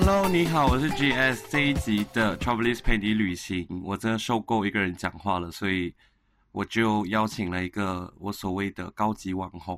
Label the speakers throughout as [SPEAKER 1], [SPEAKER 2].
[SPEAKER 1] Hello，你好，我是 GS。這一集的《Travelist 陪你旅行》，我真的受夠一個人講話了，所以我就邀請了一個我所謂的高級網紅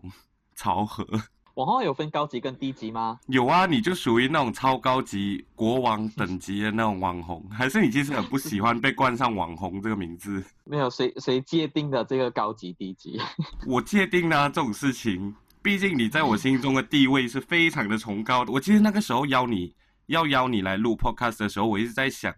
[SPEAKER 1] 朝河。網紅有
[SPEAKER 2] 分高級跟低級嗎？
[SPEAKER 1] 有啊，你就屬於那種超高級國王等級的那種網紅， 還是你其實很不喜歡被冠上網紅這個名字？
[SPEAKER 2] 沒有，誰誰界定的這個高級低級？
[SPEAKER 1] 我界定呢、啊、這種事情，畢竟你在我心中的地位是非常的崇高的。我記得那個時候邀你。要邀你來錄 podcast 的時候，我一直在想，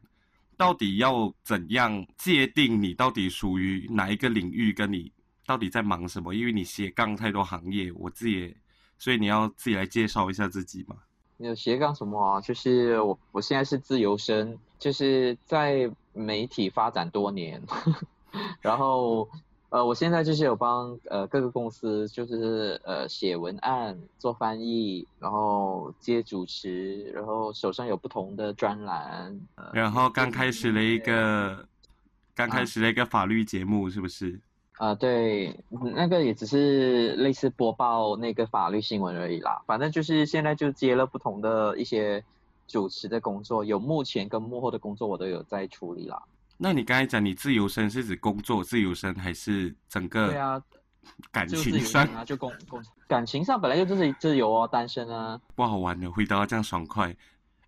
[SPEAKER 1] 到底要怎樣界定你到底屬於哪一個領域，跟你到底在忙什麼？因為你斜槓太多行業，我自己也，所以你要自己來介紹一下自己嘛。
[SPEAKER 2] 你有斜槓什麼啊？就是我，我現在是自由身，就是在媒體發展多年， 然後。呃，我現在就是有幫呃各個公司，就是呃寫文案、做翻譯，然後接主持，然後手上有不同的專欄，呃、
[SPEAKER 1] 然後剛開始了一個，對剛開始了一個法律節目，啊、是不是？
[SPEAKER 2] 啊、呃，對，那個也只是類似播報那個法律新聞而已啦。反正就是現在就接了不同的一些主持的工作，有幕前跟幕後的工作，我都有在處理啦。
[SPEAKER 1] 那你剛才講你自由身是指工作自由身還是整個感情？對啊，感情上啊，就工
[SPEAKER 2] 工感情上本來就自己自由，哦、單身
[SPEAKER 1] 啊。不好玩的，回答這樣爽快。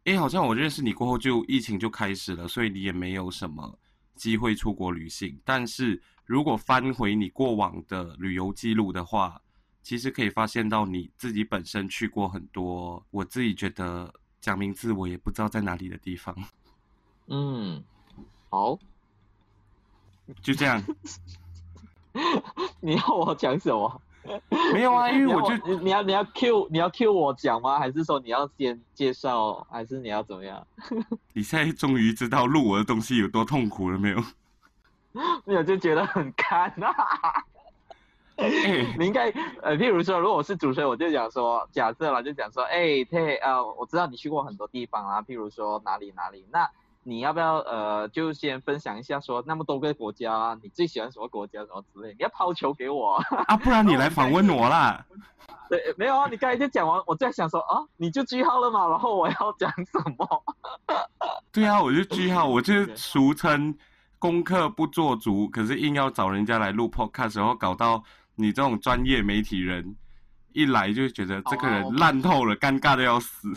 [SPEAKER 1] 哎，好像我認識你過後就，就疫情就開始了，所以你也沒有什麼機會出國旅行。但是如果翻回你過往的旅遊記錄的話，其實可以發現到你自己本身去過很多，我自己覺得講名字我也不知道在哪裡的地方。嗯。好，oh? 就這樣。
[SPEAKER 2] 你要我講什麼？
[SPEAKER 1] 沒有啊，因為我就
[SPEAKER 2] 你要你，你要 Q 你要 Q 我講嗎？還是說你要先介紹，還是你要怎麼樣？
[SPEAKER 1] 你現在終於知道錄我的東西有多痛苦了沒有？
[SPEAKER 2] 沒有 就覺得很乾啊。 欸、你應該呃，譬如說，如果我是主持人，我就想說，假設啦，就講說，哎、欸，對、呃、啊，我知道你去過很多地方啦，譬如說哪裡哪裡那。你要不要呃，就先分享一下說，說那麼多個國家、啊，你最喜歡什麼國家什麼之類？你要拋球給我
[SPEAKER 1] 啊，不然你來訪問我啦。
[SPEAKER 2] 對，沒有啊，你剛才就講完，我在想說哦、啊，你就句號了嘛，然後我要講什麼？
[SPEAKER 1] 對啊，我就句號，我就是俗稱功課不做足，對可是硬要找人家來錄 Podcast，然後搞到你這種專業媒體人一來就覺得這個人爛透了，尷好尬的要死。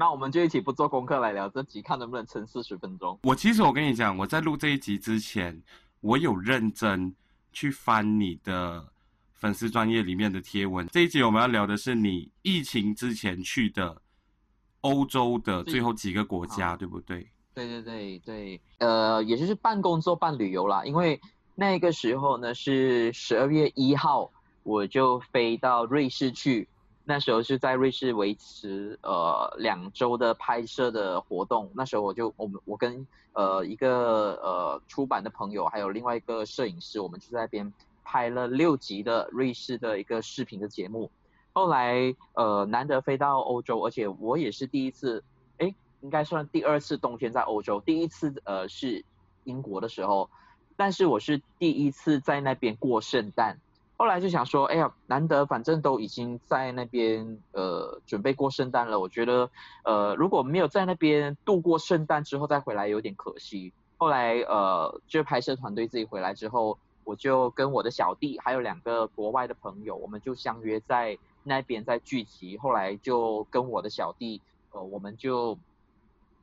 [SPEAKER 2] 那我們就一起不做功課來聊這集，看能不能撐四十分鐘。
[SPEAKER 1] 我其實我跟你講，我在錄這一集之前，我有認真去翻你的粉絲專頁裡面的貼文。這一集我們要聊的是你疫情之前去的歐洲的最後幾個國家，對，對不對？
[SPEAKER 2] 對對對對，呃，也就是半工作半旅遊啦，因為那個時候呢是十二月一號，我就飛到瑞士去。那時候是在瑞士維持呃兩周的拍攝的活動，那時候我就我們我跟呃一個呃出版的朋友，還有另外一個攝影師，我們就在那邊拍了六集的瑞士的一個視頻的節目。後來呃難得飛到歐洲，而且我也是第一次，哎應該算是第二次冬天在歐洲，第一次呃是英國的時候，但是我是第一次在那邊過聖誕。後來就想說，哎呀，難得反正都已經在那邊，呃，準備過聖誕了。我覺得，呃，如果沒有在那邊度過聖誕之後再回來，有點可惜。後來，呃，就拍攝團隊自己回來之後，我就跟我的小弟還有兩個國外的朋友，我們就相約在那邊再聚集。後來就跟我的小弟，呃，我們就，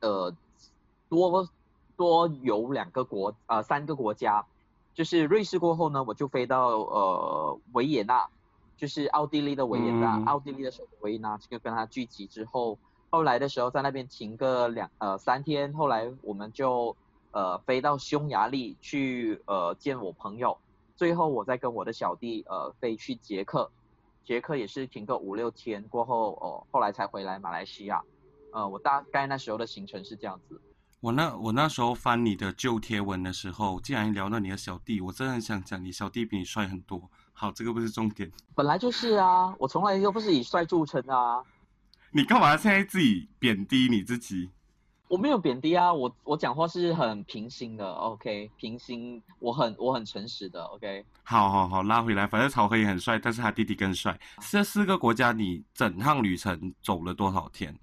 [SPEAKER 2] 呃，多多遊兩個國，呃，三個國家。就是瑞士過後呢，我就飛到呃維也納，就是奧地利的維也納，嗯、奧地利的首都維也納，就跟他聚集之後，後來的時候在那邊停個兩呃三天，後來我們就呃飛到匈牙利去呃見我朋友，最後我再跟我的小弟呃飛去捷克，捷克也是停個五六天過後哦、呃，後來才回來馬來西亞，呃，我大概那時候的行程是這樣子。
[SPEAKER 1] 我那我那時候翻你的舊貼文的時候，竟然聊到你的小弟，我真的很想講，你小弟比你帥很多。好，這個不是重點，本
[SPEAKER 2] 來就是啊，我從來又不是以帥著稱啊。
[SPEAKER 1] 你幹嘛要現在自己貶低你自己？我
[SPEAKER 2] 沒有貶低啊，我我講話是很平心的，OK，平心，我很我很誠實的，OK。
[SPEAKER 1] 好好好，拉回來，反正朝河也很帥，但是他弟弟更帥。這四個國家，你整趟旅程走了多少天？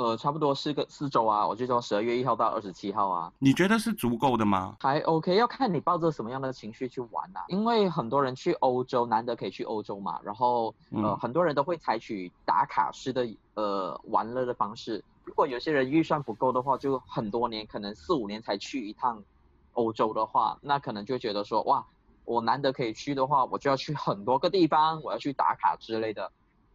[SPEAKER 2] 呃，差不多四個四周啊，我就說十二月一號到二十七號啊。
[SPEAKER 1] 你覺得是足夠的嗎？
[SPEAKER 2] 還 OK，要看你抱着什麼樣的情緒去玩吶、啊。因為很多人去歐洲，難得可以去歐洲嘛，然後呃，嗯、很多人都會採取打卡式的呃玩樂的方式。如果有些人預算不夠的話，就很多年，可能四五年才去一趟歐洲的話，那可能就覺得說哇，我難得可以去的話，我就要去很多個地方，我要去打卡之類的。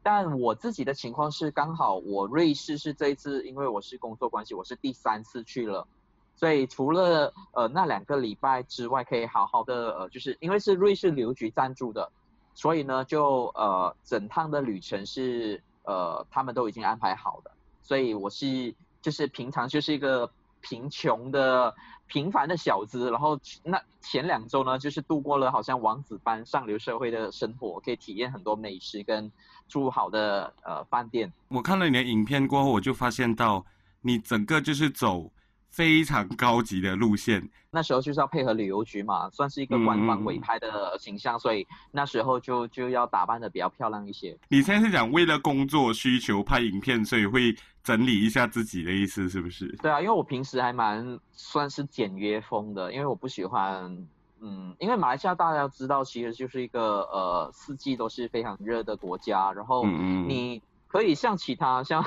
[SPEAKER 2] 但我自己的情況是，剛好我瑞士是這一次，因為我是工作關係，我是第三次去了，所以除了呃那兩個禮拜之外，可以好好的呃，就是因為是瑞士旅遊局贊助的，所以呢就呃整趟的旅程是呃他們都已經安排好的，所以我是就是平常就是一個貧窮的平凡的小子，然後那前兩周呢就是度過了好像王子般上流社會的生活，可以體驗很多美食跟。住好的呃飯店，
[SPEAKER 1] 我看了你的影片過後，我就發現到你整個就是走非常高級的路線。
[SPEAKER 2] 那時候就是要配合旅遊局嘛，算是一個官方委派的形象，嗯、所以那時候就就要打扮的比較漂亮一些。
[SPEAKER 1] 你現在是講為了工作需求拍影片，所以會整理一下自己的意思，是不是？
[SPEAKER 2] 對啊，因為我平時還蠻算是簡約風的，因為我不喜歡。嗯，因為馬來西亞大家都知道，其實就是一個呃四季都是非常熱的國家。然後你可以像其他像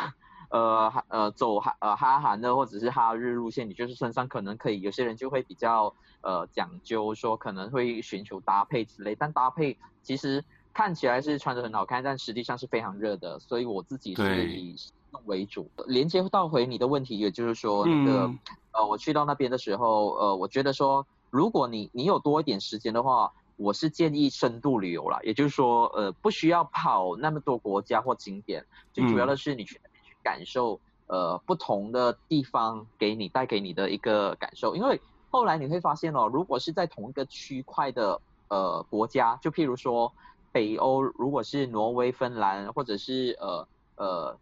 [SPEAKER 2] 呃哈呃走哈呃哈韓的或者是哈日路線，你就是身上可能可以有些人就會比較呃講究說可能會尋求搭配之類，但搭配其實看起來是穿着很好看，但實際上是非常熱的。所以我自己是以實用為主。對連接到回你的問題，也就是說、嗯、那個呃我去到那邊的時候，呃我覺得說。如果你你有多一點時間的話，我是建議深度旅遊啦，也就是說，呃，不需要跑那麼多國家或景點，最主要的是你去感受，呃，不同的地方給你帶給你的一個感受，因為後來你會發現哦，如果是在同一個區塊的呃國家，就譬如說北歐，如果是挪威、芬蘭，或者是呃呃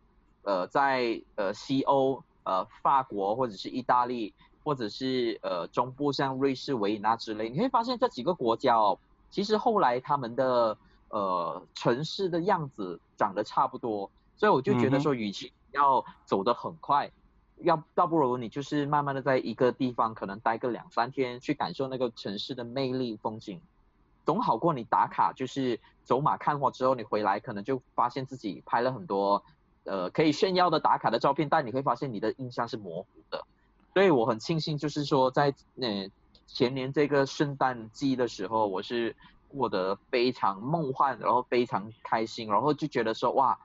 [SPEAKER 2] 呃在呃西歐，呃法國或者是意大利。或者是呃，中部像瑞士、維也納之類，你會發現這幾個國家哦，其實後來他們的呃城市的樣子長得差不多，所以我就覺得說，與其要走得很快，嗯、哼要倒不如你就是慢慢的在一個地方可能待個兩三天，去感受那個城市的魅力、風景，總好過你打卡，就是走馬看花之後你回來，可能就發現自己拍了很多呃可以炫耀的打卡的照片，但你會發現你的印象是模糊的。所以我很慶幸，就是說在那、呃、前年這個聖誕季的時候，我是過得非常夢幻，然後非常開心，然後就覺得說哇，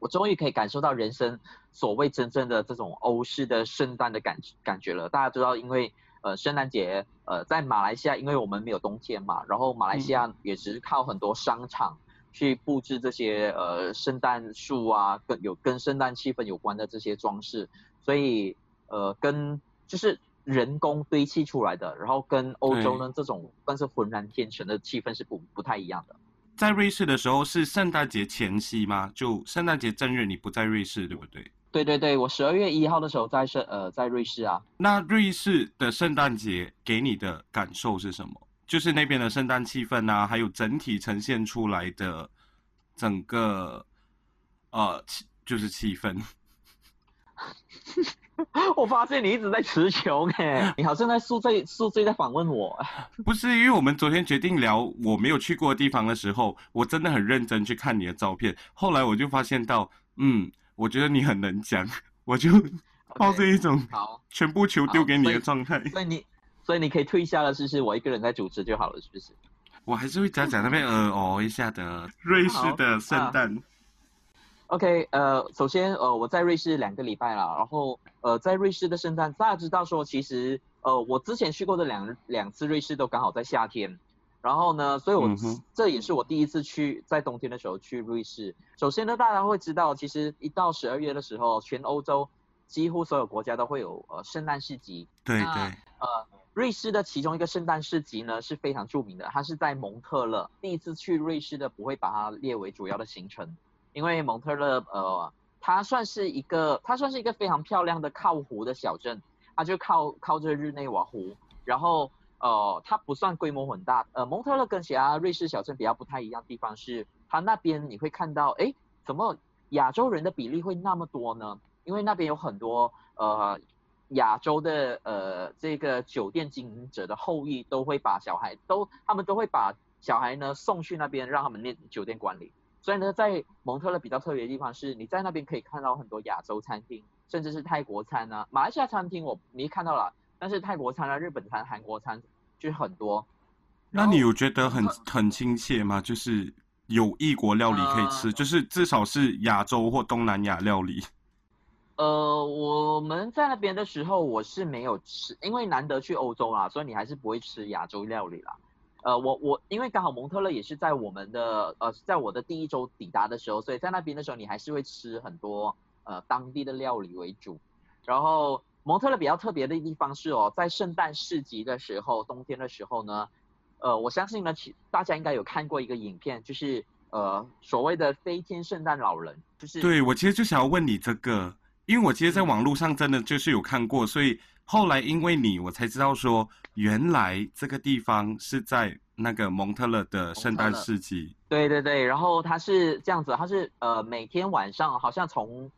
[SPEAKER 2] 我終於可以感受到人生所謂真正的這種歐式的聖誕的感感覺了。大家知道，因為呃聖誕節呃在馬來西亞，因為我們沒有冬天嘛，然後馬來西亞也只是靠很多商場去布置這些呃聖誕樹啊，跟有跟聖誕氣氛有關的這些裝飾，所以。呃，跟就是人工堆砌出來的，然後跟歐洲呢對這種，但是渾然天成的氣氛，是不不太一樣的。
[SPEAKER 1] 在瑞士的時候是聖誕節前夕嗎？就聖誕節正日，你不在瑞士，對不對？
[SPEAKER 2] 對對對，我十二月一號的時候在聖呃在瑞士啊。
[SPEAKER 1] 那瑞士的聖誕節給你的感受是什麼？就是那邊的聖誕氣氛啊，還有整體呈現出來的整個呃氣就是氣氛。
[SPEAKER 2] 我發現你一直在持球，誒，你好像在宿醉，宿醉在訪問我。
[SPEAKER 1] 不是，因為我們昨天決定聊我沒有去過的地方的時候，我真的很認真去看你的照片。後來我就發現到，嗯，我覺得你很能講，我就 okay, 抱着一種全部球丟給你的狀
[SPEAKER 2] 態。所以你，所以你可以退下了，是不是？我一個人在主持就好了，是不是？
[SPEAKER 1] 我還是會講講那邊呃哦一下的瑞士的聖誕。
[SPEAKER 2] OK，呃，首先，呃，我在瑞士兩個禮拜了，然後，呃，在瑞士的聖誕，大家知道說，其實，呃，我之前去過的兩兩次瑞士都剛好在夏天，然後呢，所以我、嗯、哼這也是我第一次去，在冬天的時候去瑞士。首先呢，大家會知道，其實一到十二月的時候，全歐洲幾乎所有國家都會有呃聖誕市集。對對。呃，瑞士的其中一個聖誕市集呢是非常著名的，它是在蒙特勒。第一次去瑞士的不會把它列為主要的行程。因為蒙特勒，呃，它算是一個，它算是一個非常漂亮的靠湖的小鎮，它就靠靠着日內瓦湖，然後，呃，它不算規模很大，呃，蒙特勒跟其他瑞士小鎮比較不太一樣的地方是，它那邊你會看到，哎，怎麼亞洲人的比例會那麼多呢？因為那邊有很多，呃，亞洲的，呃，這個酒店經營者的後裔都會把小孩都，他們都會把小孩呢送去那邊，讓他們念酒店管理。所以呢，在蒙特勒比較特別的地方是，你在那邊可以看到很多亞洲餐廳，甚至是泰國餐啊、馬來西亞餐廳，我沒看到啦。但是泰國餐啊、日本餐、韓國餐就
[SPEAKER 1] 是很多。那你有覺得很很親切嗎？就是有異國料理可以吃，呃、就是至少是亞洲或東南亞料理。
[SPEAKER 2] 呃，我們在那邊的時候，我是沒有吃，因為難得去歐洲啦，所以你還是不會吃亞洲料理啦。呃，我我因為剛好蒙特勒也是在我們的呃，在我的第一周抵達的時候，所以在那邊的時候你還是會吃很多呃當地的料理為主。然後蒙特勒比較特別的地方是哦，在聖誕市集的時候，冬天的時候呢，呃，我相信呢，其大家應該有看過一個影片，就是呃所謂的飛天聖誕老人，就是。對，我其實
[SPEAKER 1] 就想要問你這個，因為我其實在網絡上真的就是有看過，所以。後來因為你，我才知道說，原來這個地方是在那個蒙特勒的聖誕市集。
[SPEAKER 2] 對對對，然後它是這樣子，它是呃每天晚上好像從，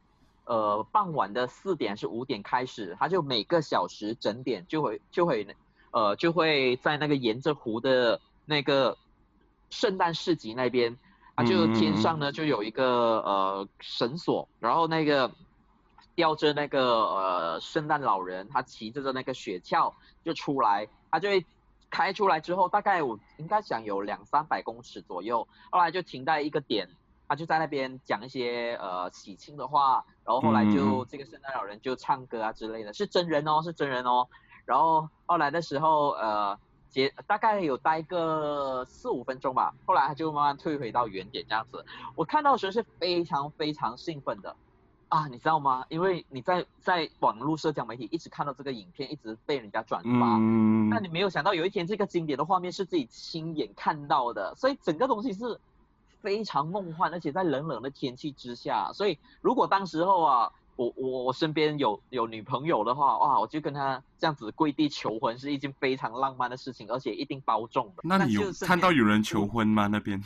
[SPEAKER 2] 呃傍晚的四點還是五點開始，它就每個小時整點就會就會，呃就會在那個沿着湖的那個聖誕市集那邊，
[SPEAKER 1] 啊就天上
[SPEAKER 2] 呢、嗯、就有一個呃繩索，然後那個。吊着那個呃，聖誕老人，他騎着的那個雪橇就出來，他就會開出來之後，大概我應該想有兩三百公尺左右，後來就停在一個點，他就在那邊講一些呃喜慶的話，然後後來就、嗯、這個聖誕老人就唱歌啊之類的，是真人哦，是真人哦，然後後來的時候呃，結，大概有待個四五分鐘吧，後來他就慢慢退回到原點這樣子，我看到時候是非常非常興奮的。啊，你知道嗎？因為你在在網絡社交媒體一直看到這個影片，一直被人家轉發，那、嗯、你沒有想到有一天這個經典的畫面是自己親眼看到的，所以整個東西是非常夢幻，而且在冷冷的天氣之下，所以如果當時候啊，我我我身邊有有女朋友的話，哇、啊，我就跟她這樣子跪地求婚是一件非常浪漫的事情，而且一定包中的。那你有看到有
[SPEAKER 1] 人求婚嗎？那邊？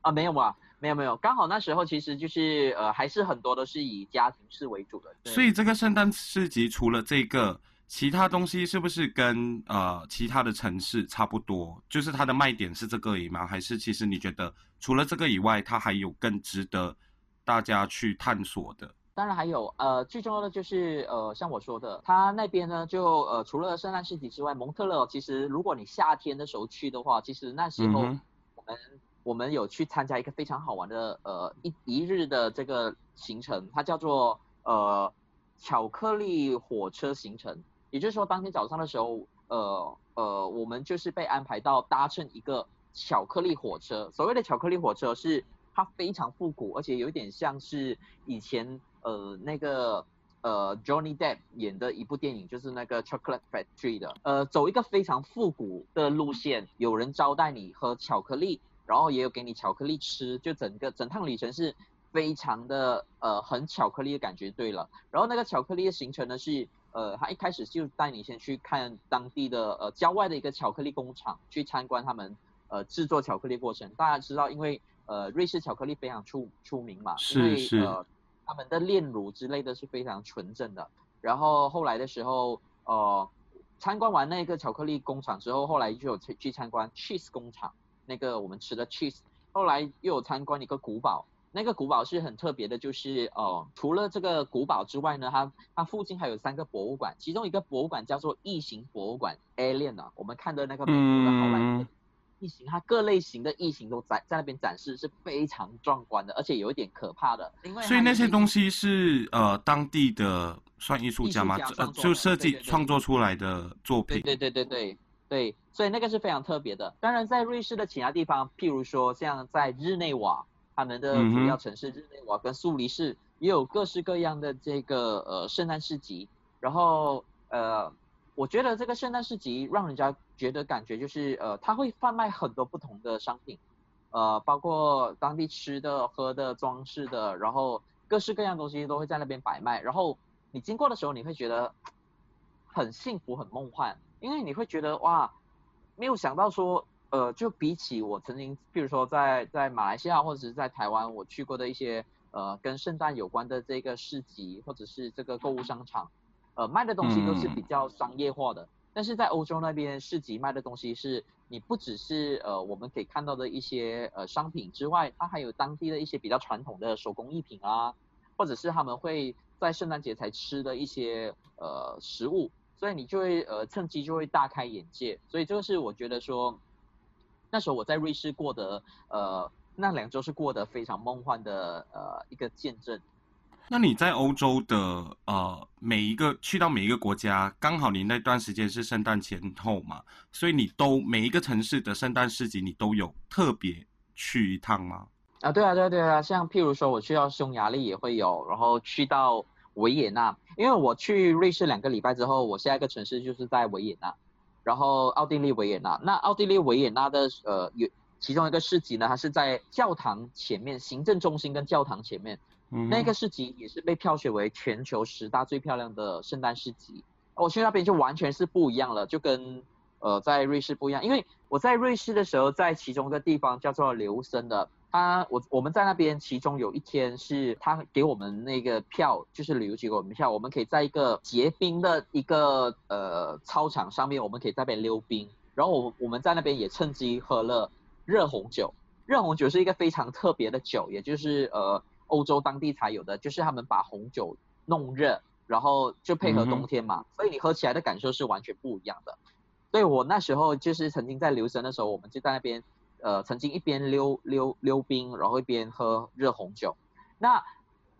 [SPEAKER 2] 啊，沒有啊。沒有沒有，剛好那時候其實就是呃，還是很多都是以家庭式為主的。所以這
[SPEAKER 1] 個聖誕市集除了這個，其他東西是不是跟呃其他的城市差不多？就是它的賣點是這個而已嗎？還是其實你覺得除了這個以外，它還有更值得大家去探索的？
[SPEAKER 2] 當然還有呃，最重要的就是呃，像我說的，它那邊呢就呃，除了聖誕市集之外，蒙特勒其實如果你夏天的時候去的話，其實那時候我們。嗯哼。我們有去參加一個非常好玩的呃一一日的這個行程，它叫做呃巧克力火車行程。也就是說，當天早上的時候，呃呃，我們就是被安排到搭乘一個巧克力火車。所謂的巧克力火車是它非常復古，而且有一點像是以前呃那個呃 Johnny Depp 演的一部電影，就是那個 Chocolate Factory 的，呃，走一個非常復古的路線，有人招待你喝巧克力。然後也有給你巧克力吃，就整個整趟旅程是，非常的呃很巧克力的感覺。對了，然後那個巧克力的行程呢是，呃，他一開始就帶你先去看當地的呃郊外的一個巧克力工廠，去參觀他們呃制作巧克力過程。大家知道，因為呃瑞士巧克力非常出出名嘛，因為是是呃他們的煉乳之類的是非常純正的。然後後來的時候，呃，參觀完那個巧克力工廠之後，後來就有去，去參觀 cheese 工廠。那個我們吃的 cheese，後來又有參觀一個古堡，那個古堡是很特別的，就是哦、呃，除了這個古堡之外呢，它它附近還有三個博物館，其中一個博物館叫做異形博物館 Alien、啊、我們看的那個美國的好萊塢異形，它各類型的異形都在在那邊展示，是非常壯觀的，而且有一點可怕的。所以那些
[SPEAKER 1] 東西是呃當地的算藝術家嗎？術家、呃？就設計創作出來的作品？對
[SPEAKER 2] 對，對對對對對。對，所以那個是非常特別的。當然，在瑞士的其他地方，譬如說像在日內瓦，他們的主要城市日內瓦跟蘇黎世，也有各式各樣的這個呃聖誕市集。然後呃，我覺得這個聖誕市集讓人家覺得感覺就是呃，他會販賣很多不同的商品，呃，包括當地吃的、喝的、裝飾的，然後各式各樣東西都會在那邊擺賣。然後你經過的時候，你會覺得很幸福、很夢幻。因為你會覺得哇，沒有想到說，呃，就比起我曾經，譬如說在在馬來西亞或者是在台灣我去過的一些，呃，跟聖誕有關的這個市集或者是這個購物商場，呃，賣的東西都是比較商業化的。嗯。但是在歐洲那邊市集賣的東西是，你不只是呃我們可以看到的一些呃商品之外，它還有當地的一些比較傳統的手工藝品啊，或者是他們會在聖誕節才吃的一些呃食物。所以你就會呃趁機就會大開眼界，所以這個是我覺得說，那時候我在瑞士過的呃那兩周是過得非常夢幻的呃一個見證。
[SPEAKER 1] 那你在歐洲的呃每一個去到每一個國家，剛好你那段時間是聖誕前後嘛，所以你都每一個城市的聖誕市集你都有特別去一趟嗎？
[SPEAKER 2] 啊對啊對啊對啊，像譬如說我去到匈牙利也會有，然後去到維也納。因為我去瑞士兩個禮拜之後，我下一個城市就是在維也納，然後奧地利維也納。那奧地利維也納的呃有其中一個市集呢，它是在教堂前面行政中心跟教堂前面，嗯嗯，那個市集也是被票選為全球十大最漂亮的聖誕市集。我去那邊就完全是不一樣了，就跟呃在瑞士不一樣，因為我在瑞士的時候在其中一個地方叫做琉森的。他我我們在那邊，其中有一天是他給我們那個票，就是旅遊局給我們票，我們可以在一個結冰的一個呃操場上面，我們可以在那邊溜冰。然後我我們在那邊也趁機喝了熱紅酒，熱紅酒是一個非常特別的酒，也就是呃歐洲當地才有的，就是他們把紅酒弄熱，然後就配合冬天嘛，嗯、哼所以你喝起來的感受是完全不一樣的。所以我那時候就是曾經在留神的時候，我們就在那邊。呃，曾經一邊溜溜溜冰，然後一邊喝熱紅酒。那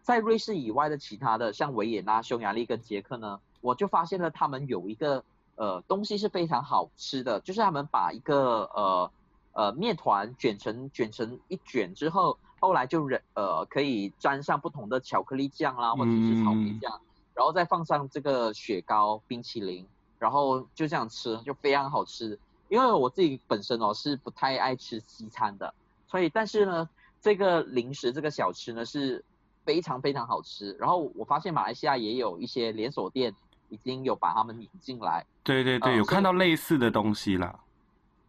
[SPEAKER 2] 在瑞士以外的其他的，像維也納、匈牙利跟捷克呢，我就發現了他們有一個呃東西是非常好吃的，就是他們把一個呃呃麵團捲成捲成一捲之後，後來就呃可以沾上不同的巧克力醬啦，或者是草莓醬，嗯。然後再放上這個雪糕冰淇淋，然後就這樣吃，就非常好吃。因為我自己本身哦是不太愛吃西餐的，所以但是呢，這個零食這個小吃呢是非常非常好吃。然後我發現馬來西亞也有一些連鎖店已經有把他們引進來。
[SPEAKER 1] 對對對，嗯、有看到類似的東西啦。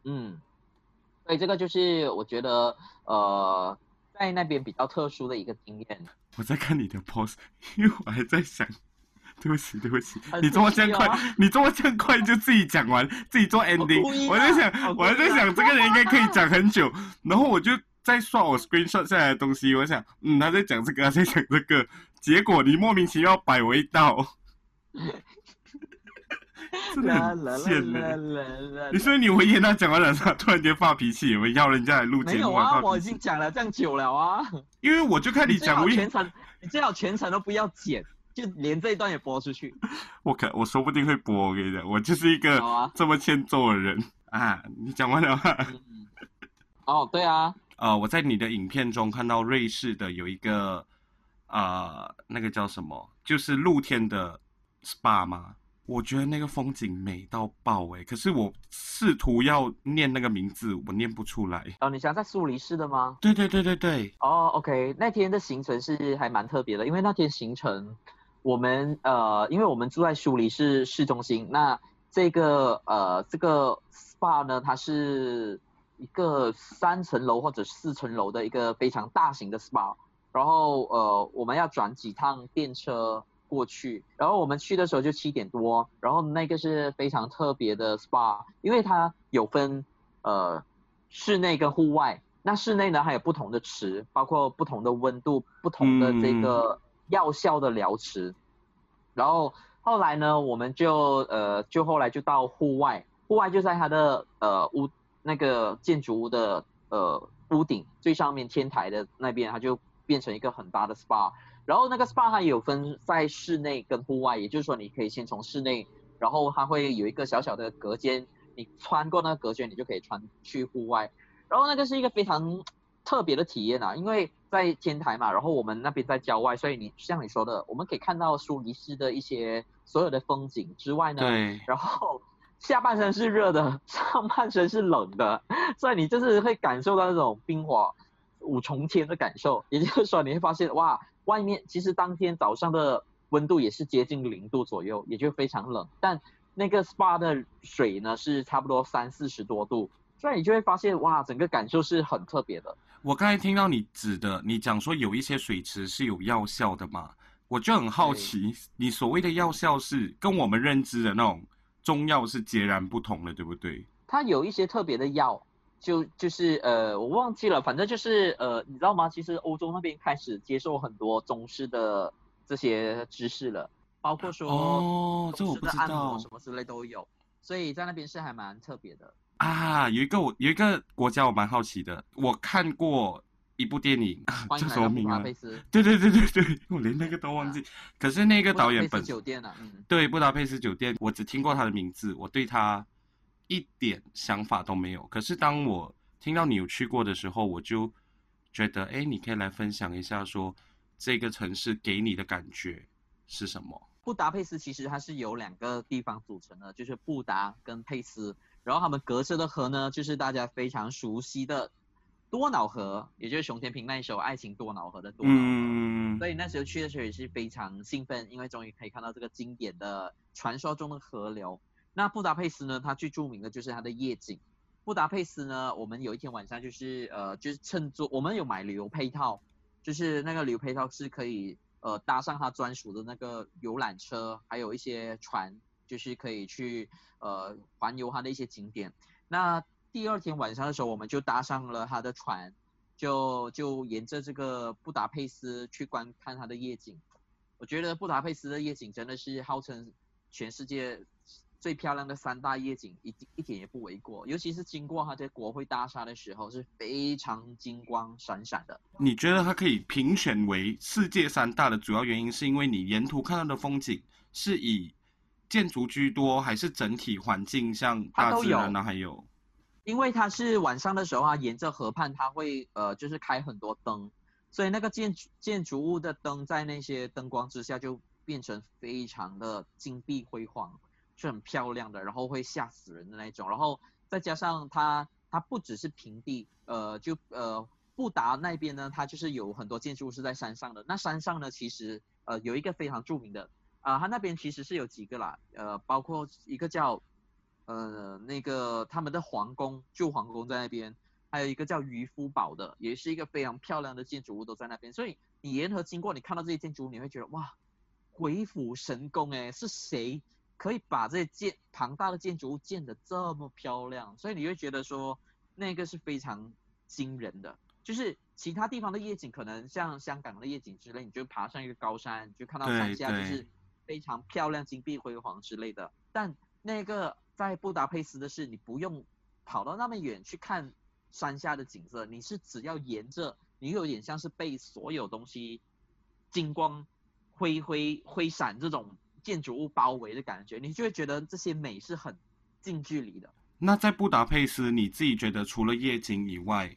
[SPEAKER 2] 嗯，所以這個就是我覺得呃在那邊比較特殊的一個經驗。
[SPEAKER 1] 我在看你的 post，因為我還在想。對不起，對不起，你這樣快，你這樣快就自己講完，自己做 ending。我在想，我還在想，這個人應該可以講很久。然後我就在刷我 screen shot 下來的東西，我想，嗯，他在講這個，他在講這個。結果你莫名其妙擺我一道，
[SPEAKER 2] 現了，現了！你說你我一天講
[SPEAKER 1] 完了，他突然間發脾氣，有沒有要人家來錄節目？沒有啊，我已經講了
[SPEAKER 2] 這樣久了啊。
[SPEAKER 1] 因為我就看你講，我全
[SPEAKER 2] 程，你最好全程都不要剪。就連這一段也播出去，
[SPEAKER 1] 我可我說不定會播，我跟你講，我就是一個這麼欠揍的人啊！你講完了嗎？嗯？
[SPEAKER 2] 哦，對啊，
[SPEAKER 1] 呃，我在你的影片中看到瑞士的有一個啊、呃，那個叫什麼？就是露天的 SPA 嗎？我覺得那個風景美到爆哎，欸！可是我試圖要念那個名字，我念不出來。
[SPEAKER 2] 哦，你想在蘇黎世的嗎？
[SPEAKER 1] 對對對對對。
[SPEAKER 2] 哦，oh，OK，那天的行程是還蠻特別的，因為那天行程。我們呃，因為我們住在蘇黎世市中心，那這個呃，這個 SPA 呢，它是一個三層樓或者四層樓的一個非常大型的 SPA。然後呃，我們要轉幾趟電車過去。然後我們去的時候就七點多。然後那個是非常特別的 SPA，因為它有分呃室內跟戶外。那室內呢，還有不同的池，包括不同的溫度，不同的這個。嗯藥效的療池，然後後來呢，我們就呃，就後來就到戶外，戶外就在它的呃屋那個建築物的呃屋頂最上面天台的那邊，它就變成一個很大的 SPA。然後那個 SPA 它有分在室內跟戶外，也就是說你可以先從室內，然後它會有一個小小的隔間，你穿過那個隔間，你就可以穿去戶外。然後那個是一個非常。特別的體驗啊，因為在天台嘛，然後我們那邊在郊外，所以你像你說的，我們可以看到蘇黎世的一些所有的風景之外呢，對，然後下半身是熱的，上半身是冷的，所以你就是會感受到那種冰火五重天的感受。也就是說，你會發現哇，外面其實當天早上的溫度也是接近零度左右，也就非常冷，但那個 spa 的水呢是差不多三四十多度，所以你就會發現哇，整個感受是很特
[SPEAKER 1] 別的。我剛才聽到你指的，你講說有一些水池是有藥效的嘛？我就很好奇，你所謂的藥效是跟我們認知的那種中藥是截然不同的，對不對？
[SPEAKER 2] 它有一些特別的藥，就就是呃，我忘記了，反正就是呃，你知道嗎？其實歐洲那邊開始接受很多中式的這些知識了，包括說中式的按摩，這我不知道什麼之類都有，哦，所以在那邊是還蠻特別的。
[SPEAKER 1] 啊，有一個我有一個國家我蠻好奇的，我看過一部電影，叫什麼名字？啊，對對對對對，我連那個都忘記。啊，可是那個導演本布達佩斯
[SPEAKER 2] 酒店啊，嗯，
[SPEAKER 1] 對布達佩斯酒店，我只聽過他的名字，我對他一點想法都沒有。可是當我聽到你有去過的時候，我就覺得，哎，你可以來分享一下說，說這個城市給你的感覺是什麼？
[SPEAKER 2] 布達佩斯其實它是由兩個地方組成的，就是布達跟佩斯。然後他們隔着的河呢，就是大家非常熟悉的多瑙河，也就是熊天平那一首《愛情多瑙河，河》的多瑙。嗯嗯。所以那時候去的時候也是非常興奮，因為終於可以看到這個經典的、傳說中的河流。那布達佩斯呢，它最著名的就是它的夜景。布達佩斯呢，我們有一天晚上就是呃，就是乘坐，我們有買旅遊配套，就是那個旅遊配套是可以呃搭上它專屬的那個遊覽車，還有一些船。就是可以去呃環遊它的一些景點。那第二天晚上的時候，我們就搭上了他的船，就就沿着這個布達佩斯去觀看它的夜景。我覺得布達佩斯的夜景真的是號稱全世界最漂亮的三大夜景，一一點也不為過。尤其是經過它的國會大廈的時候，是非常金光閃閃的。
[SPEAKER 1] 你覺得它可以評選為世界三大的主要原因，是因為你沿途看到的風景是以。建築居多，還是整體環境像大自然呢？它都有。啊，還有，
[SPEAKER 2] 因為它是晚上的時候啊，沿着河畔，它會呃，就是開很多燈，所以那個建建築物的燈在那些燈光之下就變成非常的金碧輝煌，就很漂亮的，然後會嚇死人的那一種。然後再加上它，它不只是平地，呃，就呃，布達那邊呢，它就是有很多建築物是在山上的。那山上呢，其實呃，有一個非常著名的。啊、呃，他那邊其實是有幾個啦，呃，包括一個叫，呃，那個他們的皇宮，舊皇宮在那邊，還有一個叫漁夫堡的，也是一個非常漂亮的建築物都在那邊。所以你沿河經過，你看到這些建築物，你會覺得哇，鬼斧神工誒、欸，是誰可以把這些建龐大的建築物建得這麼漂亮？所以你會覺得說，那個是非常驚人的。就是其他地方的夜景，可能像香港的夜景之類，你就爬上一個高山，你就看到山下就是。非常漂亮、金碧輝煌之類的，但那個在布達佩斯的是，你不用跑到那麼遠去看山下的景色，你是只要沿着，你有點像是被所有東西金光輝輝輝閃這種建築物包圍的感覺，你就會覺得這些美是很近距離的。
[SPEAKER 1] 那在布達佩斯，你自己覺得除了夜景以外，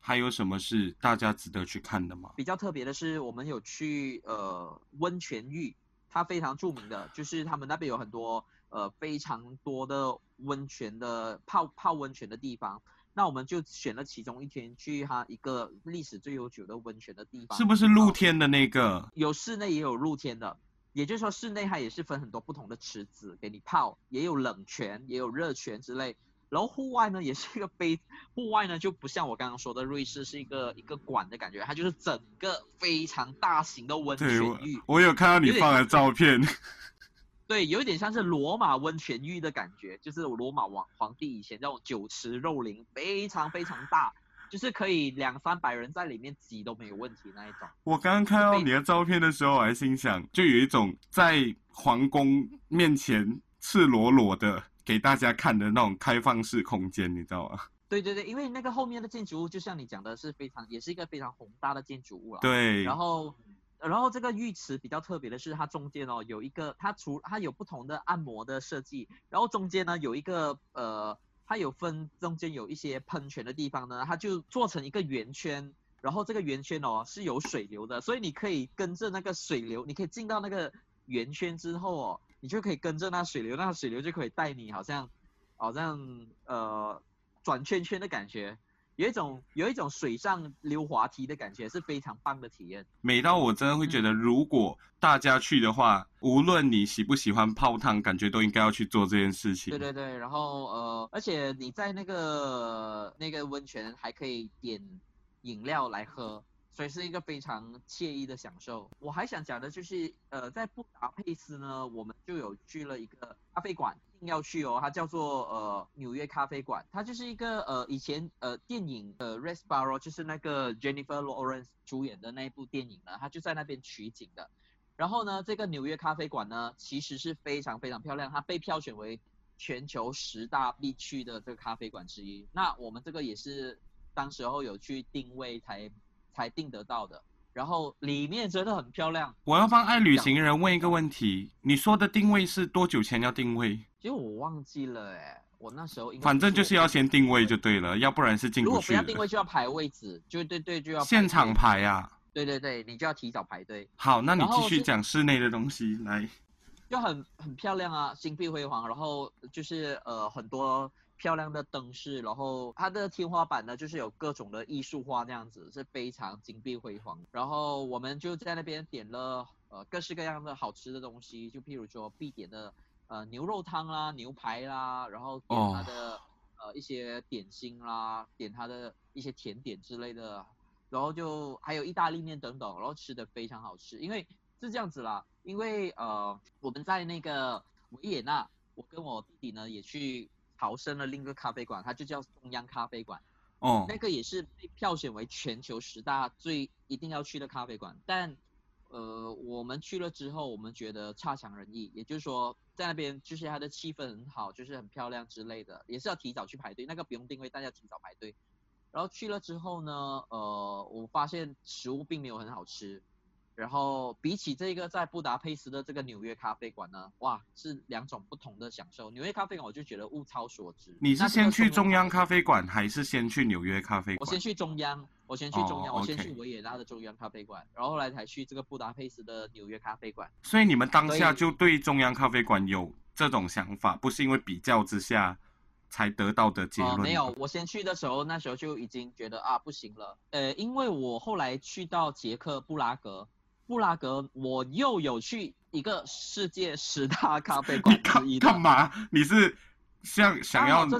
[SPEAKER 1] 還有什麼是大家值得去看的嗎？
[SPEAKER 2] 比較特別的是，我們有去呃溫泉浴。它非常著名的就是他們那邊有很多呃非常多的溫泉的泡泡溫泉的地方，那我們就選了其中一天去它一個歷史最悠久的溫泉的地方。是不是露
[SPEAKER 1] 天的那個？
[SPEAKER 2] 有室內也有露天的，也就是說室內它也是分很多不同的池子給你泡，也有冷泉也有熱泉之類的。然後戶外呢也是一個非戶外呢就不像我剛剛說的瑞士是一個一個館的感覺，它就是整個非常大型的溫泉浴。我，
[SPEAKER 1] 我有看到你放的照片，
[SPEAKER 2] 對，有一點像是羅馬溫泉浴的感覺，就是羅馬王皇帝以前那種酒池肉林，非常非常大，就是可以兩三百人在裡面擠都沒有問題那一種。
[SPEAKER 1] 我剛剛看到你的照片的時候，背我還心想，就有一種在皇宮面前赤裸裸的。給大家看的那種開放式空間，你知道嗎？
[SPEAKER 2] 對對對，因為那個後面的建築物，就像你講的，是非常，也是一個非常宏大的建築物啊。對。然後，然後這個浴池比較特別的是，它中間哦有一個，它除它有不同的按摩的設計，然後中間呢有一個呃，它有分中間有一些噴泉的地方呢，它就做成一個圓圈，然後這個圓圈哦是有水流的，所以你可以跟着那個水流，你可以進到那個圓圈之後哦。你就可以跟着那水流，那個、水流就可以帶你，好像，好像呃轉圈圈的感覺，有一種有一種水上溜滑梯的感覺，是非常棒的體驗。
[SPEAKER 1] 美到我真的會覺得，如果大家去的話，嗯、無論你喜不喜歡泡湯，感覺都應該要去做這件事情。對
[SPEAKER 2] 對對，然後呃，而且你在那個那個溫泉還可以點飲料來喝。所以是一個非常愜意的享受。我還想講的就是，呃，在布達佩斯呢，我們就有去了一個咖啡館，一定要去哦，它叫做呃紐約咖啡館。它就是一個呃以前呃電影呃《Red Sparrow》哦，就是那個 Jennifer Lawrence 主演的那一部電影呢，它就在那邊取景的。然後呢，這個紐約咖啡館呢，其實是非常非常漂亮，它被票選為全球十大必去的這個咖啡館之一。那我們這個也是當時候有去定位才，才訂得到的，然後裡面真的很漂亮。
[SPEAKER 1] 我要幫愛旅行人問一個問題：嗯、你說的訂位是多久前要訂位？
[SPEAKER 2] 其實我忘記了，誒，我那時候應該反正就是要
[SPEAKER 1] 先訂位就對了，對，要不然是進不去。如果要訂
[SPEAKER 2] 位就要排位置，就對對就要現
[SPEAKER 1] 場排啊，
[SPEAKER 2] 對對對，你就要提早排隊。好，那你繼續講
[SPEAKER 1] 室內的東西來，
[SPEAKER 2] 就很很漂亮啊，金碧輝煌，然後就是呃很多。漂亮的燈飾，然後它的天花板呢，就是有各種的藝術畫那樣子，是非常金碧輝煌。然後我們就在那邊點了呃各式各樣的好吃的東西，就譬如說必點的呃牛肉湯啦、牛排啦，然後點它的、oh. 呃一些點心啦，點它的一些甜點之類的，然後就還有意大利麵等等，然後吃得非常好吃。因為是這樣子啦，因為呃我們在那個維也納，我跟我弟弟呢也去。逃生了另一個咖啡館，它就叫中央咖啡館，哦，oh. 那個也是被票選為全球十大最一定要去的咖啡館。但，呃，我們去了之後，我們覺得差強人意。也就是說，在那邊就是它的氣氛很好，就是很漂亮之類的，也是要提早去排隊。那個不用訂位，大家提早排隊。然後去了之後呢，呃，我發現食物並沒有很好吃。然後比起這個在布達佩斯的這個紐約咖啡館呢，哇，是兩種不同的享受。紐約咖啡館我就覺得物超所值。你是先,先去中
[SPEAKER 1] 央咖啡館還是先去紐約咖啡館？我先
[SPEAKER 2] 去中央，我先去中央，Oh, okay. 我先去維也納的中央咖啡館，然後後來才去這個布達佩斯的紐約咖啡館。
[SPEAKER 1] 所以你們當下就對中央咖啡館有這種想法，不是因為比較之下才得到的結論？Oh, 沒有，
[SPEAKER 2] 我先去的時候，那時候就已經覺得啊不行了。呃，因為我後來去到捷克布拉格。布拉格，我又有去一個世界十大咖啡館。你幹嘛？你是
[SPEAKER 1] 像想要這？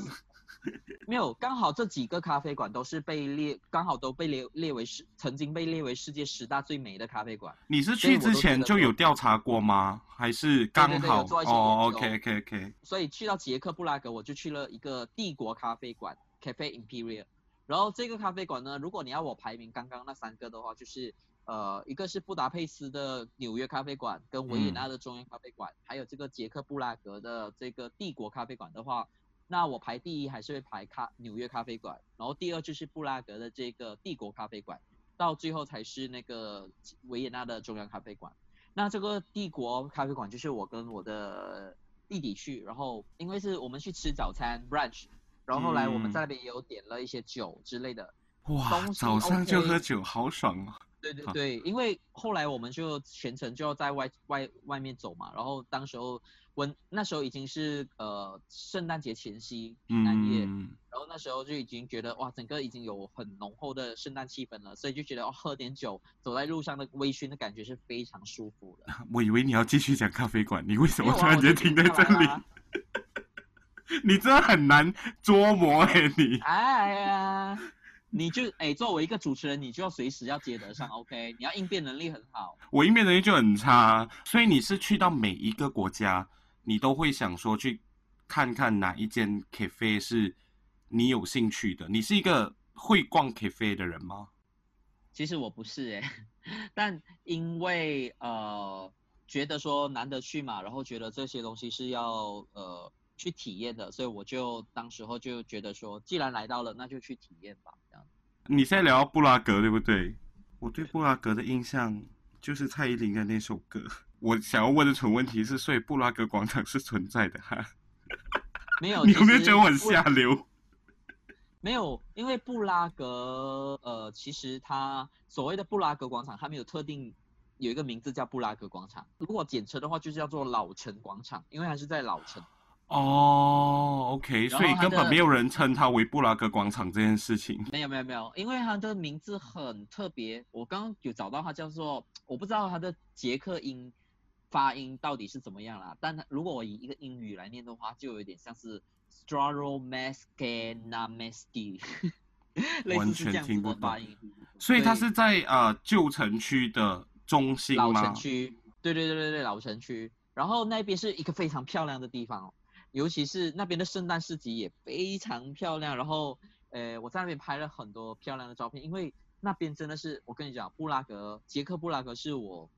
[SPEAKER 2] 沒有，剛好這幾個咖啡館都是被列，剛好都被列列為世，曾經被列為世界十大最美的咖啡館。你是去之前就有
[SPEAKER 1] 調查過嗎？還是剛好？對對對。哦，oh，OK OK OK。
[SPEAKER 2] 所以去到捷克布拉格，我就去了一個帝國咖啡館 （Cafe Imperial）。然後這個咖啡館呢，如果你要我排名剛剛那三個的話，就是。呃，一個是布達佩斯的紐約咖啡館，跟維也納的中央咖啡館，嗯、還有這個捷克布拉格的這個帝國咖啡館的話，那我排第一還是會排咖紐約咖啡館，然後第二就是布拉格的這個帝國咖啡館，到最後才是那個維也納的中央咖啡館。那這個帝國咖啡館就是我跟我的弟弟去，然後因為是我們去吃早餐 brunch，、嗯、然後後來我們在那邊也有點了一些酒之類的。哇，西早上就喝酒
[SPEAKER 1] ，okay, 好爽啊！
[SPEAKER 2] 對對對，啊、因為後來我們就全程就要在外外外面走嘛，然後當時候我那時候已經是呃聖誕節前夕，平安夜，嗯、然後那時候就已經覺得哇，整個已經有很濃厚的聖誕氣氛了，所以就覺得哦，喝點酒，走在路上的微醺的感覺是非常舒服的。
[SPEAKER 1] 我以為你要繼續講咖啡館，你為什麼突然間、啊、停在這裡？ 你真的很難捉摸哎、欸，你
[SPEAKER 2] 哎呀。你就哎、欸，作為一個主持人，你就要隨時要接得上 ，OK？你要應變能力很好。
[SPEAKER 1] 我應變能力就很差，啊，所以你是去到每一個國家，你都會想說去看看哪一間 cafe 是你有興趣的。你是一個會逛 cafe 的人嗎？
[SPEAKER 2] 其實我不是哎、欸，但因為呃，覺得說難得去嘛，然後覺得這些東西是要呃。去體驗的，所以我就當時候就覺得說，既然來到了，那就去體驗吧。
[SPEAKER 1] 這樣，你現在聊布拉格對不對？我對布拉格的印象就是蔡依林的那首歌。我想要問的蠢問題是，所以布拉格廣場是存在的哈、啊？
[SPEAKER 2] 沒有，你有沒有覺得我很下流？沒有，因為布拉格呃，其實它所謂的布拉格廣場，它沒有特定有一個名字叫布拉格廣場。如果簡稱的話，就叫做老城廣場，因為還是在老城。
[SPEAKER 1] 哦、oh,，OK，< 然後 S 1> 所以根本沒有人稱它為布拉格廣場這件事情。
[SPEAKER 2] 沒有沒有沒有，因為它的名字很特別。我剛有找到它叫做，我不知道它的捷克音發音到底是怎麼樣啦。但如果我以一個英語來念的話，就有點像是 Staroměstské náměstí
[SPEAKER 1] 完全聽不懂。 所以它是在對呃舊城區的中心嗎？老城區，對對
[SPEAKER 2] 對對對，老城區。然後那邊是一個非常漂亮的地方尤其是那邊的聖誕市集也非常漂亮，然後，呃，我在那邊拍了很多漂亮的照片，因為那邊真的是，我跟你講，布拉格，捷克布拉格是我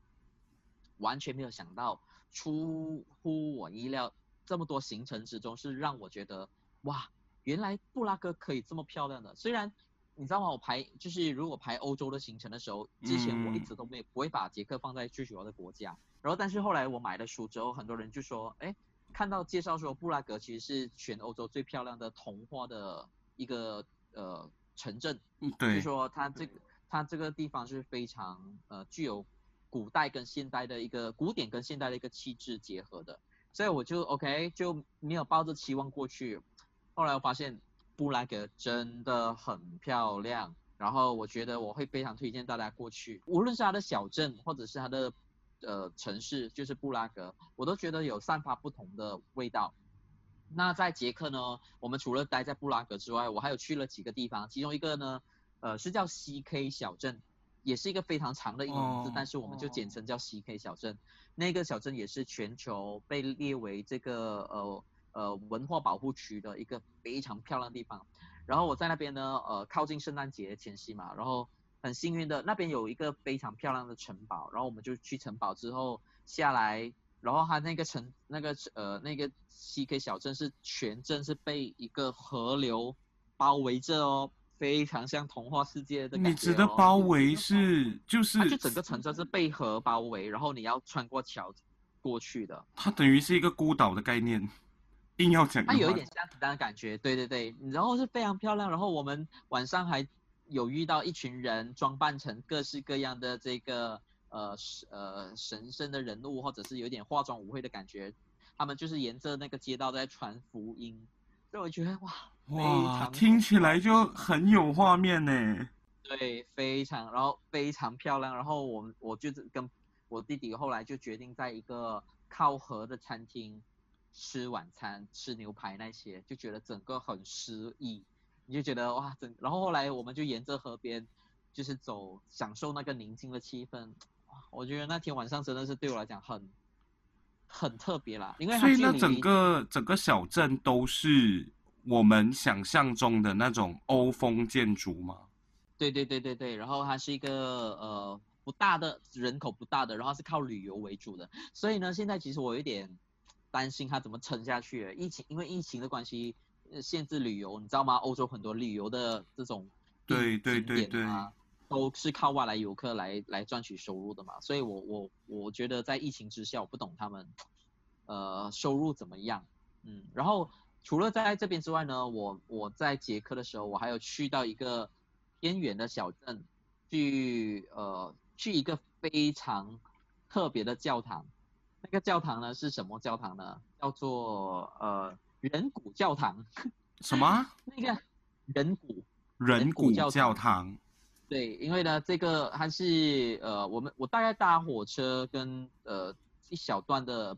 [SPEAKER 2] 完全沒有想到，出乎我意料，這麼多行程之中是讓我覺得，哇，原來布拉格可以這麼漂亮的。雖然，你知道嗎？我排就是如果排歐洲的行程的時候，之前我一直都沒、嗯、不會把捷克放在最主要的國家，然後，但是後來我買了書之後，很多人就說，誒。看到介紹說，布拉格其實是全歐洲最漂亮的童話的一個呃城鎮，嗯，對，就說它這個對它這個地方是非常呃具有古代跟現代的一個古典跟現代的一個氣質結合的，所以我就 OK 就沒有抱着期望過去，後來我發現布拉格真的很漂亮，然後我覺得我會非常推薦大家過去，無論是它的小鎮或者是它的。呃，城市就是布拉格，我都覺得有散發不同的味道。那在捷克呢，我們除了待在布拉格之外，我還有去了幾個地方，其中一個呢，呃，是叫 CK 小鎮，也是一個非常長的一個名字，哦、但是我們就簡稱叫 CK 小鎮。哦、那個小鎮也是全球被列為這個呃呃文化保護區的一個非常漂亮地方。然後我在那邊呢，呃，靠近聖誕節前夕嘛，然後。很幸運的，那邊有一個非常漂亮的城堡，然後我們就去城堡之後下來，然後它那個城那個呃那個 CK 小鎮是全鎮是被一個河流包圍着哦，非常像童話世界的，哦。你指的包
[SPEAKER 1] 圍是就
[SPEAKER 2] 是？它就整個城鎮是被河包圍，然後你要穿過橋過去的。
[SPEAKER 1] 它等於是一個孤島的概念，硬要講的。它有一點
[SPEAKER 2] 像子彈的感覺，對對對，然後是非常漂亮，然後我們晚上還。有遇到一群人裝扮成各式各樣的這個呃呃神聖的人物，或者是有點化妝舞會的感覺，他們就是沿着那個街道在傳福音，所以我覺得哇
[SPEAKER 1] 哇，哇非常，聽起來就很有畫面呢，
[SPEAKER 2] 對，非常然後非常漂亮，然後我們我就跟我弟弟後來就決定在一個靠河的餐廳吃晚餐，吃牛排那些，就覺得整個很詩意。你就覺得哇，整然後後來我們就沿着河邊就是走,享受那個寧靜的氣氛。我覺得那天晚上真的是對我來講很很特別啦。因為它所以呢，整個
[SPEAKER 1] 整個小鎮都是我們想象中的那種歐風建築嗎？
[SPEAKER 2] 對對對對對。然後它是一個呃不大的人口不大的，然後是靠旅遊為主的。所以呢，現在其實我有點擔心它怎麼撐下去。疫情因為疫情的關係。限制旅遊，你知道嗎？歐洲很多旅遊的這種
[SPEAKER 1] 對景點
[SPEAKER 2] 啊，都是靠外來遊客來來賺取收入的嘛。所以我，我我我覺得在疫情之下，我不懂他們，呃，收入怎麼樣？嗯，然後除了在這邊之外呢，我我在捷克的時候，我還有去到一個偏遠的小鎮，去呃去一個非常特別的教堂。那個教堂呢是什麼教堂呢？叫做呃。人骨教堂，
[SPEAKER 1] 教堂，什麼？那個，人骨人骨教堂，
[SPEAKER 2] 對，因為呢，這個還是呃，我們我大概搭火車跟呃一小段的，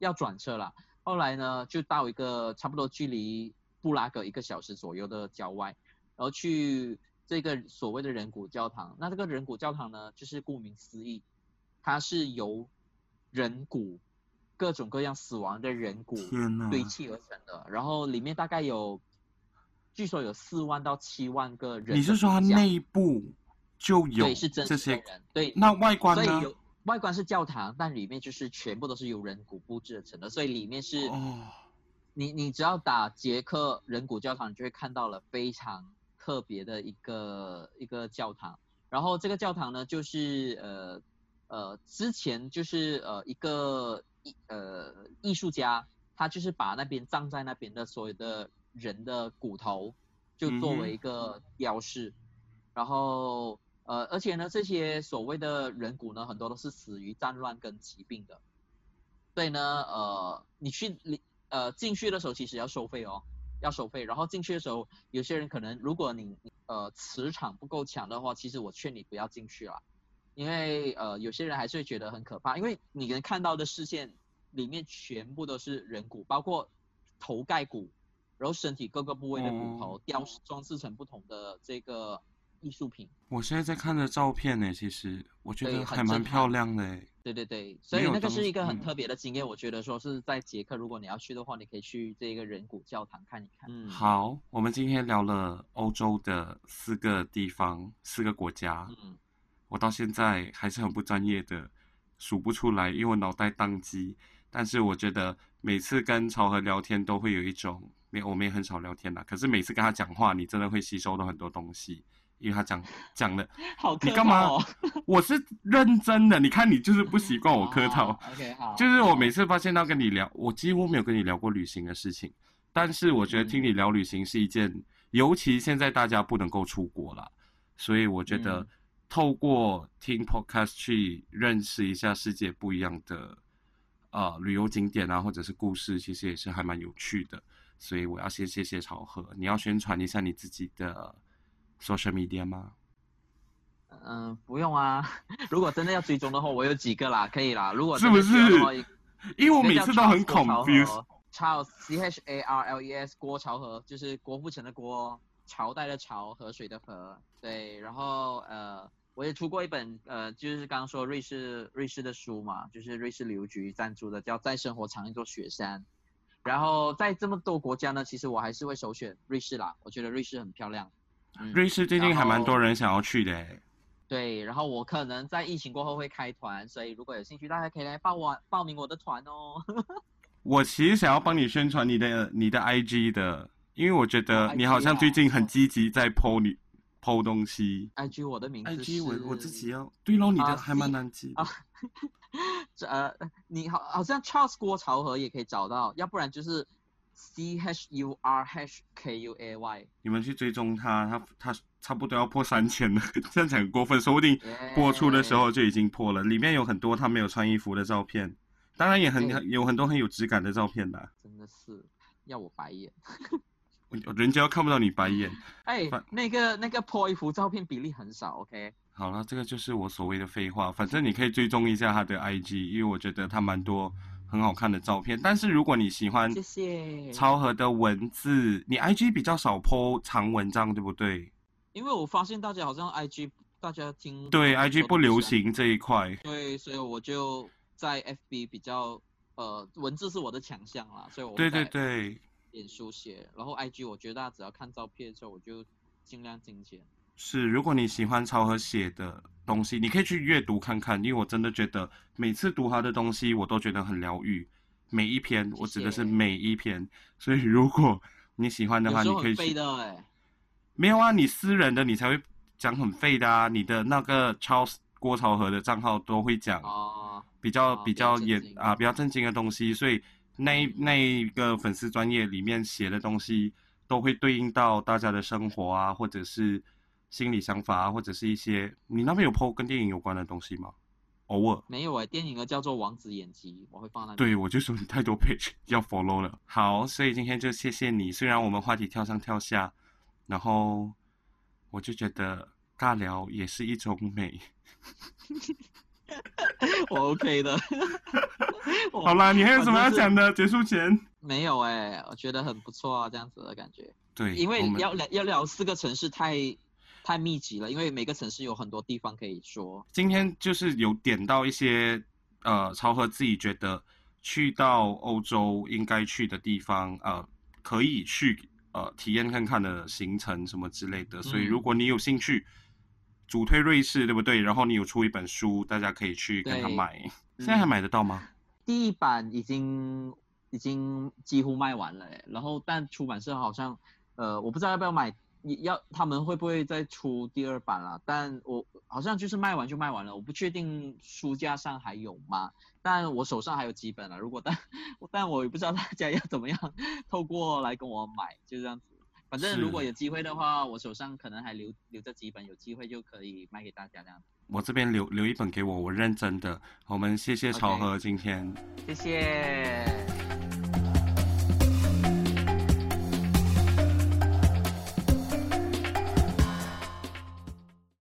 [SPEAKER 2] 要轉車啦。後來呢就到一個差不多距離布拉格一個小時左右的郊外，然後去這個所謂的人骨教堂。那這個人骨教堂呢，就是顧名思義，它是由人骨。各種各樣死亡的人骨堆砌而成的，天哪。然後裡面大概有，據說有四萬到七萬個人。你是說他內
[SPEAKER 1] 部就有這些？對，是真實的人，這些？對，那外觀呢？所以有，
[SPEAKER 2] 外觀是教堂，但裡面就是全部都是由人骨布置而成的，所以裡面是。哦。你你只要打捷克人骨教堂，你就會看到了非常特別的一個一個教堂。然後這個教堂呢，就是呃呃之前就是呃一個。藝呃藝術家，他就是把那邊葬在那邊的所有的人的骨頭，就作為一個標識，嗯、然後呃而且呢這些所謂的人骨呢，很多都是死於戰亂跟疾病的，所以呢呃你去你呃進去的時候其實要收費哦，要收費，然後進去的時候有些人可能，如果你呃磁場不夠強的話，其實我勸你不要進去了。因為呃，有些人還是會覺得很可怕，因為你能看到的視線裡面全部都是人骨，包括頭蓋骨，然後身體各個部位的骨頭、哦、雕裝飾成不同的這個藝術品。
[SPEAKER 1] 我現在在看的照片呢、欸，其實我覺得還蠻漂亮的、欸
[SPEAKER 2] 對。對對對，所以那個是一個很特別的經驗。嗯、我覺得說是在捷克，如果你要去的話，你可以去這個人骨教堂看一看。嗯，
[SPEAKER 1] 好，我們今天聊了歐洲的四個地方，四個國家。嗯。我到現在還是很不專業的，數不出來，因為我腦袋宕機。但是我覺得每次跟朝河聊天都會有一種，沒我們也很少聊天啦。可是每次跟他講話，你真的會吸收到很多東西，因為他講講的，好、哦，你幹嘛？我是認真的， 你看你就是不習慣我磕頭，OK 好，就是我每次發現到跟你聊，好好，我幾乎沒有跟你聊過旅行的事情，但是我覺得聽你聊旅行是一件，嗯、尤其現在大家不能夠出國了，所以我覺得、嗯。透過聽 podcast 去認識一下世界不一樣的啊、呃、旅遊景點啊，或者是故事，其實也是還蠻有趣的。所以我要先謝謝朝河，你要宣傳一下你自己的 social media 嗎？嗯、呃，
[SPEAKER 2] 不用啊。 如果真的要追蹤的話，我有幾個啦， 可以啦。如果真的的是不
[SPEAKER 1] 是？因為我每次都很 confuse。
[SPEAKER 2] Charles C H A R L E S 郭朝河，就是郭富城的郭，朝代的朝，河水的河。對，然後呃。我也出過一本，呃，就是剛剛說瑞士，瑞士的書嘛，就是瑞士旅遊局贊助的，叫《在生活藏一座雪山》。然後在這麼多國家呢，其實我還是會首選瑞士啦，我覺得瑞士很漂亮。嗯，
[SPEAKER 1] 瑞士最近還蠻多人想要去的。
[SPEAKER 2] 對，然後我可能在疫情過後會開團，所以如果有興趣，大家可以來報我報名我的團哦。
[SPEAKER 1] 我其實想要幫你宣傳你的你的 IG 的，因為我覺得你好像最近很積極在 po 你，偷東西。
[SPEAKER 2] I G 我的名字是。I G 我我自己要。對咯，啊、你的還蠻難記。啊，這呃，你好好像 Charles 郭朝河也可以找到，要不然就是 C H U R H K U A Y。
[SPEAKER 1] 你們去追蹤他，他他差不多要破三千了，這樣講很過分，說不定播出的時候就已經破了。裡面有很多他沒有穿衣服的照片，當然也很 A. 有很多很有質感的照片啦，
[SPEAKER 2] 真的是要我白眼。
[SPEAKER 1] 人家又看不到你白眼。
[SPEAKER 2] 哎反、那個，那個那個潑一幅照片比例很少，OK 好。
[SPEAKER 1] 好了，這個就是我所謂的廢話。反正你可以追蹤一下他的 IG，因為我覺得他蠻多很好看的照片。但是如果你喜歡，謝
[SPEAKER 2] 謝。朝
[SPEAKER 1] 河的文字，謝謝你 IG 比較少潑長文章，對不對？
[SPEAKER 2] 因為我發現大家好像 IG，大家聽對 IG 不流行這一塊。對，所以我就在 FB 比較，呃，文字是我的強項啦。所以我，對對對。點書寫，然後 I G 我覺得大家只要看照片的時候，我就盡量精簡。
[SPEAKER 1] 是，如果你喜歡朝河寫的東西，你可以去閱讀看看，因為我真的覺得每次讀他的東西，我都覺得很療癒。每一篇，我指的是每一篇，謝謝。所以如果你喜歡的話，你可以。有時候廢的哎、欸。沒有啊，你私人的你才會講很廢的啊，你的那個超郭朝河的賬號都會講比比、啊，比較比較也啊比較正經的東西，所以。那那一個粉絲專頁裡面寫的東西，都會對應到大家的生活啊，或者是心理想法啊，或者是一些你那邊有 PO 跟電影有關的東西嗎？偶爾。
[SPEAKER 2] 沒有哎、欸，電影呢叫做王子演技，我會放在。對，
[SPEAKER 1] 我就說你太多 page 要 follow 了。好，所以今天就謝謝你。雖然我們話題跳上跳下，然後我就覺得尬聊也是一種美。 我 OK 的。
[SPEAKER 2] 好了，你還有什麼要講的？結束前沒有哎、欸，我覺得很不錯啊，這樣子的感覺。
[SPEAKER 1] 對，因為要
[SPEAKER 2] 聊們要聊四個城市太，太太密集了，因為每個城市有很多地方可以說。
[SPEAKER 1] 今天就是有點到一些呃，朝河自己覺得去到歐洲應該去的地方，呃，可以去呃體驗看看的行程什麼之類的。所以如果你有興趣，嗯、主推瑞士，對不對？然後你有出一本書，大家可以去跟他買，對現在還買得到嗎？嗯
[SPEAKER 2] 第一版已經已經幾乎賣完了，哎，然後但出版社好像，呃，我不知道要不要買，要他們會不會再出第二版了啊？但我好像就是賣完就賣完了，我不確定書架上還有嗎？但我手上還有幾本了啊，如果但但我也不知道大家要怎麼樣透過來跟我買，就這樣子。反正如果有機會的話，是我手上可能還留留着幾本，有機會就可以賣給大家這樣。
[SPEAKER 1] 我這邊留留一本給我，我認真的。我們謝謝朝河今天
[SPEAKER 2] ，okay. 謝謝。